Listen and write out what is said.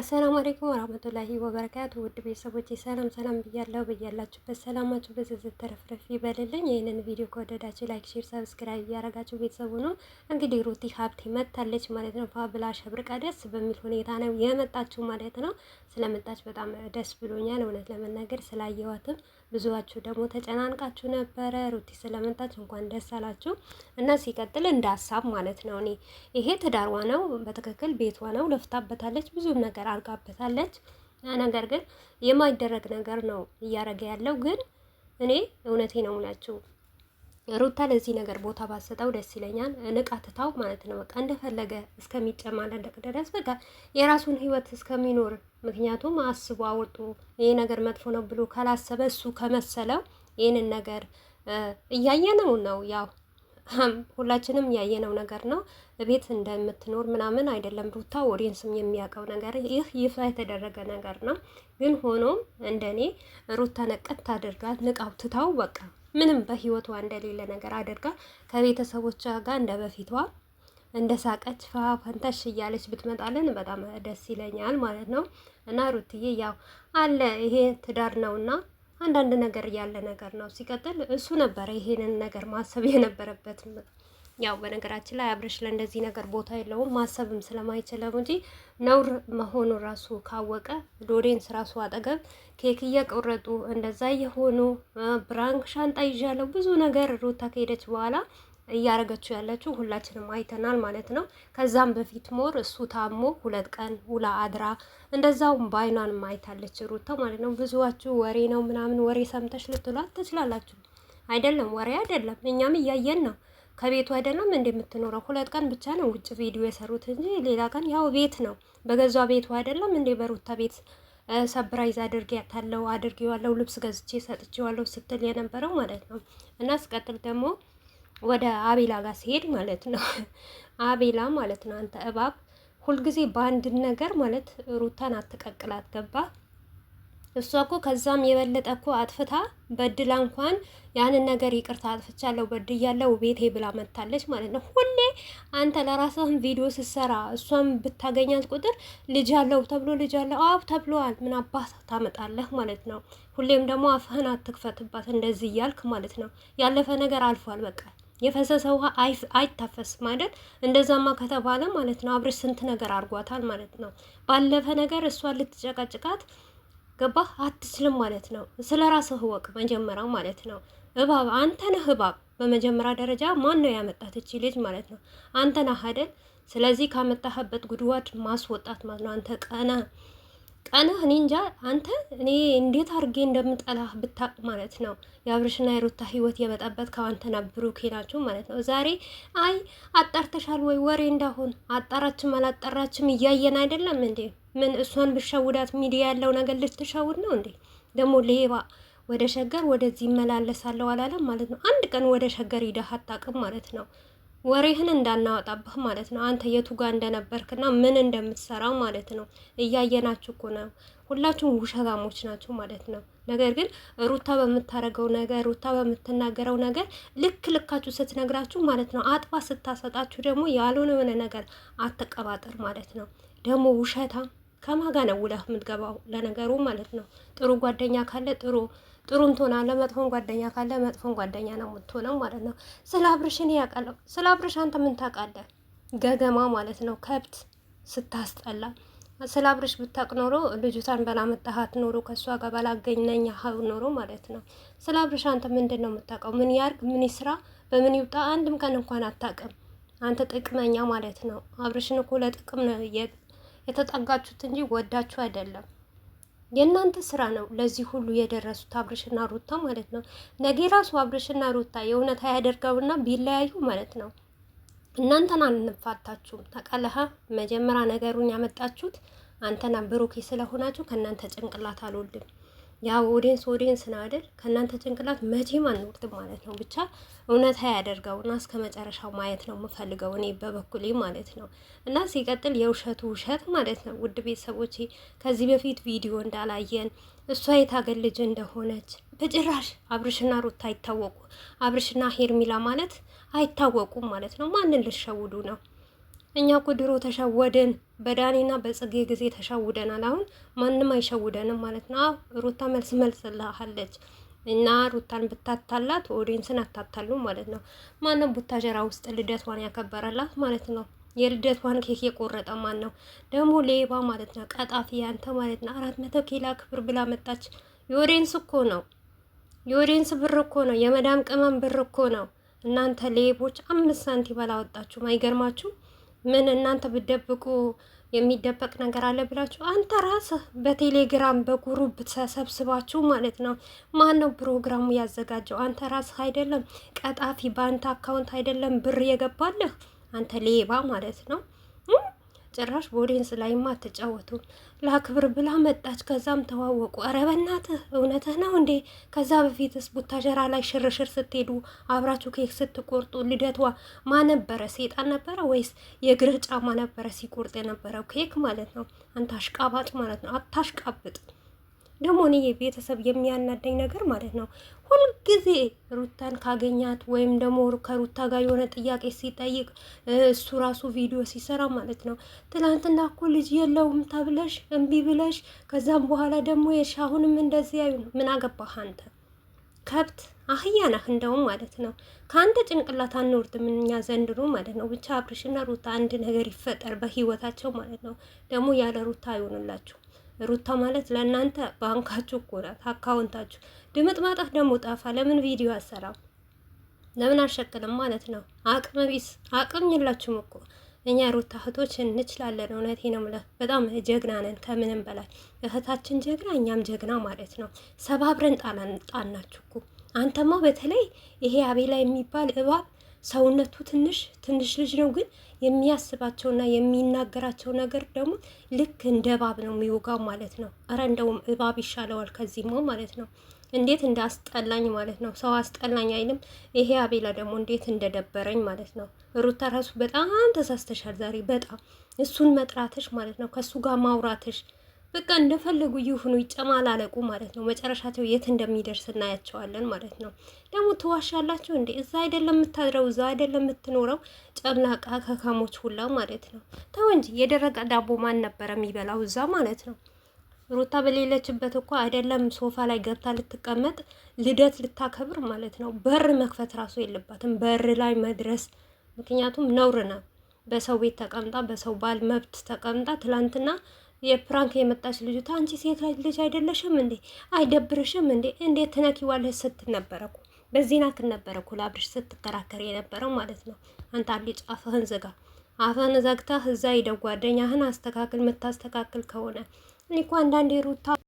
አሰላሙ አለይኩም ወራህመቱላሂ ወበረካቱ ውድ ቤተሰቦች ሰላም ሰላም ብያለሁ። ብያላችሁበት ሰላማችሁ በዝዝት ተረፍረፍ ይበልልኝ። ይህንን ቪዲዮ ከወደዳችሁ ላይክ፣ ሼር፣ ሰብስክራይብ እያረጋችሁ ቤተሰቡ ነው። እንግዲህ ሩቲ ሀብቴ መታለች ማለት ነው። ፋብላ ሸብርቃ ደስ በሚል ሁኔታ ነው የመጣችሁ ማለት ነው። ስለመጣች በጣም ደስ ብሎኛል እውነት ለመናገር ስላየዋትም ብዙዋችሁ ደግሞ ተጨናንቃችሁ ነበረ። ሩቲ ስለመጣች እንኳን ደስ አላችሁ እና ሲቀጥል እንደ ሀሳብ ማለት ነው እኔ ይሄ ትዳርዋ ነው በትክክል ቤቷ ነው። ለፍታበታለች፣ ብዙ ነገር አርጋበታለች። ነገር ግን የማይደረግ ነገር ነው እያደረገ ያለው ግን እኔ እውነቴ ነው ሙላችሁ ሩታ ለዚህ ነገር ቦታ ባሰጠው ደስ ይለኛል። ንቃትታው ማለት ነው። በቃ እንደፈለገ እስከሚጨማለቅ ድረስ በቃ የራሱን ህይወት እስከሚኖር ምክንያቱም አስቦ አውጡ ይህ ነገር መጥፎ ነው ብሎ ካላሰበ እሱ ከመሰለው ይህንን ነገር እያየነው ነው ያው ሁላችንም ያየነው ነገር ነው። ቤት እንደምትኖር ምናምን አይደለም ሩታ ኦዲየንስም የሚያውቀው ነገር ይህ ይፋ የተደረገ ነገር ነው። ግን ሆኖም እንደኔ ሩታ ነቀት አድርጋት ንቃው ትታው በቃ ምንም በህይወቷ እንደሌለ ነገር አድርጋ ከቤተሰቦቿ ጋር እንደ በፊቷ እንደ ሳቀች ፈንታሽ እያለች ብትመጣልን በጣም ደስ ይለኛል ማለት ነው። እና ሩትዬ ያው አለ ይሄ ትዳር ነውና አንዳንድ ነገር ያለ ነገር ነው። ሲቀጥል እሱ ነበረ ይሄንን ነገር ማሰብ የነበረበት ያው በነገራችን ላይ አብረሽ ለእንደዚህ ነገር ቦታ የለውም ማሰብም ስለማይችለው እንጂ ነውር መሆኑ ራሱ ካወቀ ሎሬንስ ራሱ አጠገብ ኬክ እየቆረጡ እንደዛ የሆኑ ብራንክ ሻንጣ ይዣለው ብዙ ነገር ሩታ ከሄደች በኋላ እያደረገችው ያለችው ሁላችንም አይተናል ማለት ነው። ከዛም በፊት ሞር እሱ ታሞ ሁለት ቀን ውላ አድራ እንደዛውም ባይኗን አይታለች ሩታ ማለት ነው። ብዙዋችሁ ወሬ ነው ምናምን ወሬ ሰምተሽ ልትሏት ትችላላችሁ። አይደለም ወሬ አይደለም፣ እኛም እያየን ነው። ከቤቱ አይደለም እንደምትኖረው ሁለት ቀን ብቻ ነው ውጭ ቪዲዮ የሰሩት እንጂ ሌላ ቀን ያው ቤት ነው። በገዛ ቤቱ አይደለም እንደ በሩታ ቤት ሰብራይዝ አድርጌያታለሁ አድርጌዋለሁ ልብስ ገዝቼ ሰጥቼዋለሁ ስትል የነበረው ማለት ነው። እና ስቀጥል ደግሞ ወደ አቤላ ጋር ሲሄድ ማለት ነው አቤላ ማለት ነው አንተ እባብ ሁልጊዜ በአንድ ነገር ማለት ሩታን አትቀቅላት ገባ እሷ እኮ ከዛም የበለጠ እኮ አጥፍታ በድላ እንኳን ያንን ነገር ይቅርታ አጥፍቻለሁ በድያለሁ ቤቴ ብላ መታለች ማለት ነው። ሁሌ አንተ ለራስህን ቪዲዮ ስትሰራ እሷም ብታገኛት ቁጥር ልጅ አለው ተብሎ ልጅ አለው አብ ተብለዋል። ምን አባት ታመጣለህ ማለት ነው። ሁሌም ደግሞ አፍህን አትክፈትባት እንደዚህ እያልክ ማለት ነው። ያለፈ ነገር አልፏል በቃ። የፈሰሰ ውሃ አይታፈስ ማለት እንደዛማ ከተባለ ማለት ነው አብርሽ ስንት ነገር አርጓታል ማለት ነው። ባለፈ ነገር እሷን ልትጨቀጭቃት ገባህ? አትችልም ማለት ነው። ስለ ራስህ ወቅ መጀመሪያ ማለት ነው። እባብ አንተ ነህ። እባብ በመጀመሪያ ደረጃ ማን ነው ያመጣት እቺ ልጅ ማለት ነው? አንተ ነህ አይደል? ስለዚህ ካመጣህበት ጉድዋድ ማስወጣት ማለት ነው። አንተ ቀና ጠላህ እኔ እንጃ አንተ እኔ እንዴት አድርጌ እንደምጠላህ ብታቅ ማለት ነው። የአብርሽና የሩታ ህይወት የበጠበት ከዋንተና ብሩኬ ናቸው ማለት ነው። ዛሬ አይ አጣርተሻል ወይ ወሬ እንዳሁን አጣራችም አላጣራችም እያየን አይደለም እንዴ? ምን እሷን ብሸውዳት ሚዲያ ያለው ነገር ልትሸውድ ነው እንዴ? ደግሞ ሌባ ወደ ሸገር ወደዚህ ይመላለሳለሁ አላለም ማለት ነው። አንድ ቀን ወደ ሸገር ሂደህ አታውቅም ማለት ነው። ወሬህን እንዳናወጣብህ ማለት ነው። አንተ የቱ ጋር እንደነበርክና ምን እንደምትሰራው ማለት ነው። እያየናችሁ እኮ ነው። ሁላችሁም ውሸታሞች ናችሁ ማለት ነው። ነገር ግን ሩታ በምታደርገው ነገር፣ ሩታ በምትናገረው ነገር ልክ ልካችሁ ስትነግራችሁ ማለት ነው። አጥባ ስታሰጣችሁ ደግሞ ያልሆነ ነገር አትቀባጠር ማለት ነው። ደግሞ ውሸታም ከማጋ ነው ውለህ የምትገባው ለነገሩ ማለት ነው። ጥሩ ጓደኛ ካለ ጥሩ ጥሩም ትሆናለህ፣ መጥፎን ጓደኛ ካለ መጥፎን ጓደኛ ነው የምትሆነው ማለት ነው። ስለ አብርሽን ያውቃለሁ። ስለ አብርሽ አንተ ምን ታውቃለህ? ገገማ ማለት ነው። ከብት ስታስጠላ ስለ አብርሽ ብታቅ ኖሮ ልጅቷን በላመጣሃት ኖሮ ከእሷ ጋር ባላገኘኝ ኖሮ ማለት ነው። ስለ አብርሽ አንተ ምንድን ነው የምታውቀው? ምን ያርግ፣ ምን ይስራ፣ በምን ይውጣ አንድም ቀን እንኳን አታውቅም። አንተ ጥቅመኛ ማለት ነው። አብርሽን እኮ ለጥቅም ነው የተጠጋችሁት እንጂ ወዳችሁ አይደለም። የእናንተ ስራ ነው ለዚህ ሁሉ የደረሱት አብርሽና ሩታ ማለት ነው። ነገ ራሱ አብርሽና ሩታ የእውነት አያደርገውና ቢለያዩ ማለት ነው እናንተን አንፋታችሁም። ተቀለሀ መጀመሪያ ነገሩን ያመጣችሁት አንተና ብሩኬ ስለሆናችሁ ከእናንተ ጭንቅላት አልወልድም። ያ ኦዲንስ ኦዲንስ ነው አይደል? ከእናንተ ጭንቅላት መቼም አንወቅትም ማለት ነው። ብቻ እውነታ ያደርገውና እስከ መጨረሻው ማየት ነው የምፈልገው እኔ በበኩሌ ማለት ነው። እና ሲቀጥል የውሸቱ ውሸት ማለት ነው። ውድ ቤተሰቦች ከዚህ በፊት ቪዲዮ እንዳላየን እሷ የታገል ልጅ እንደሆነች በጭራሽ አብርሽና ሩታ አይታወቁ፣ አብርሽና ሄርሚላ ማለት አይታወቁም ማለት ነው። ማንን ልሸውዱ ነው? እኛ እኮ ድሮ ተሸወድን። በዳኒና በጽጌ ጊዜ ተሸውደናል። አሁን ማንም አይሸውደንም ማለት ነው። ሩታ መልስ መልስ ላሃለች እና ሩታን ብታታላት ኦዲንስን አታታሉ ማለት ነው። ማንም ቡታጀራ ውስጥ ልደቷን ያከበረላት ማለት ነው። የልደቷን ኬክ የቆረጠ ማን ነው ደግሞ? ሌባ ማለት ነው። ቀጣፊ ያንተ ማለት ነው። አራት መቶ ኬላ ክብር ብላ መጣች። የኦዲንስ እኮ ነው። የኦዲንስ ብር እኮ ነው። የመዳም ቅመም ብር እኮ ነው። እናንተ ሌቦች አምስት ሳንቲም ወጣችሁ አይገርማችሁ? ምን እናንተ ብደብቁ የሚደበቅ ነገር አለ ብላችሁ አንተ ራስህ በቴሌግራም በጉሩብ ተሰብስባችሁ ማለት ነው። ማን ነው ፕሮግራሙ ያዘጋጀው? አንተ ራስህ አይደለም ቀጣፊ፣ በአንተ አካውንት አይደለም ብር የገባልህ አንተ ሌባ ማለት ነው። ጭራሽ ቦዴንስ ላይማ አትጫወቱም። ላክብር ብላ መጣች። ከዛም ተዋወቁ። ኧረ በእናትህ እውነትህ ነው እንዴ? ከዛ በፊትስ ቡታጀራ ላይ ሽርሽር ስትሄዱ አብራችሁ ኬክ ስትቆርጡ ልደቷ ማ ነበረ? ሴጣን ነበረ ወይስ የእግርህ ጫማ ነበረ ሲቆርጥ የነበረው ኬክ ማለት ነው? አንተ አሽቃባጭ ማለት ነው። አታሽቃብጥ ደግሞ እኔ ቤተሰብ የሚያናደኝ ነገር ማለት ነው ሁልጊዜ ሩታን ካገኛት ወይም ደግሞ ከሩታ ጋር የሆነ ጥያቄ ሲጠይቅ እሱ ራሱ ቪዲዮ ሲሰራ ማለት ነው። ትላንትና እኮ ልጅ የለውም ተብለሽ እምቢ ብለሽ ከዛም በኋላ ደግሞ የሻሁንም ነው። ምን አገባህ አንተ ከብት አህያ ነህ እንደውም ማለት ነው። ከአንተ ጭንቅላት አንወርድም እኛ ዘንድሮ ማለት ነው። ብቻ አብርሽና ሩታ አንድ ነገር ይፈጠር በህይወታቸው ማለት ነው። ደግሞ ያለ ሩታ አይሆንላችሁ። ሩታ ማለት ለእናንተ ባንካችሁ እኮ ናት፣ አካውንታችሁ። ድምጥ ማጣት ደግሞ ጠፋ። ለምን ቪዲዮ አሰራም? ለምን አልሸቅልም ማለት ነው። አቅም ቢስ አቅም የላችሁም እኮ እኛ ሩታ እህቶች እንችላለን። እውነቴ ነው የምልህ፣ በጣም ጀግና ነን ከምንም በላይ እህታችን ጀግና፣ እኛም ጀግና ማለት ነው። ሰባብረን ጣናችሁ እኮ አንተማ፣ በተለይ ይሄ አቤላ የሚባል እባብ ሰውነቱ ትንሽ ትንሽ ልጅ ነው፣ ግን የሚያስባቸውና የሚናገራቸው ነገር ደግሞ ልክ እንደ እባብ ነው የሚወጋው ማለት ነው። እረ እንደውም እባብ ይሻለዋል ከዚህማ ማለት ነው። እንዴት እንደ አስጠላኝ ማለት ነው። ሰው አስጠላኝ አይልም። ይሄ አቤላ ደግሞ እንዴት እንደደበረኝ ማለት ነው። ሩታ ራሱ በጣም ተሳስተሻል ዛሬ በጣም እሱን መጥራትሽ ማለት ነው ከእሱ ጋር ማውራትሽ በቃ እንደፈለጉ ይሁኑ ይጨማላለቁ ማለት ነው። መጨረሻቸው የት እንደሚደርስ እናያቸዋለን ማለት ነው። ደግሞ ትዋሻላችሁ እንዴ? እዛ አይደለም የምታድረው፣ እዛ አይደለም የምትኖረው። ጨምላቃ ከካሞች ሁላ ማለት ነው። ተው እንጂ የደረቀ ዳቦ ማን ነበረ የሚበላው እዛ ማለት ነው። ሩታ በሌለችበት እኮ አይደለም ሶፋ ላይ ገብታ ልትቀመጥ ልደት ልታከብር ማለት ነው። በር መክፈት ራሱ የለባትም በር ላይ መድረስ፣ ምክንያቱም ነውር ነው። በሰው ቤት ተቀምጣ በሰው ባል መብት ተቀምጣ ትላንትና የፕራንክ የመጣች ልጅቷ አንቺ ሴት ልጅ አይደለሽም እንዴ? አይደብርሽም እንዴ? እንዴት ትነኪዋለሽ? ስትል ነበረ እኮ በዚህ ናክል ነበረ እኮ ለአብርሽ ስትከራከር የነበረው ማለት ነው። አንተ አልጭ አፍህን ዝጋ። አፍህን ዘግተህ እዛ ሂደህ ጓደኛህን አስተካክል። የምታስተካክል ከሆነ እኔ እኮ አንዳንዴ ሩታ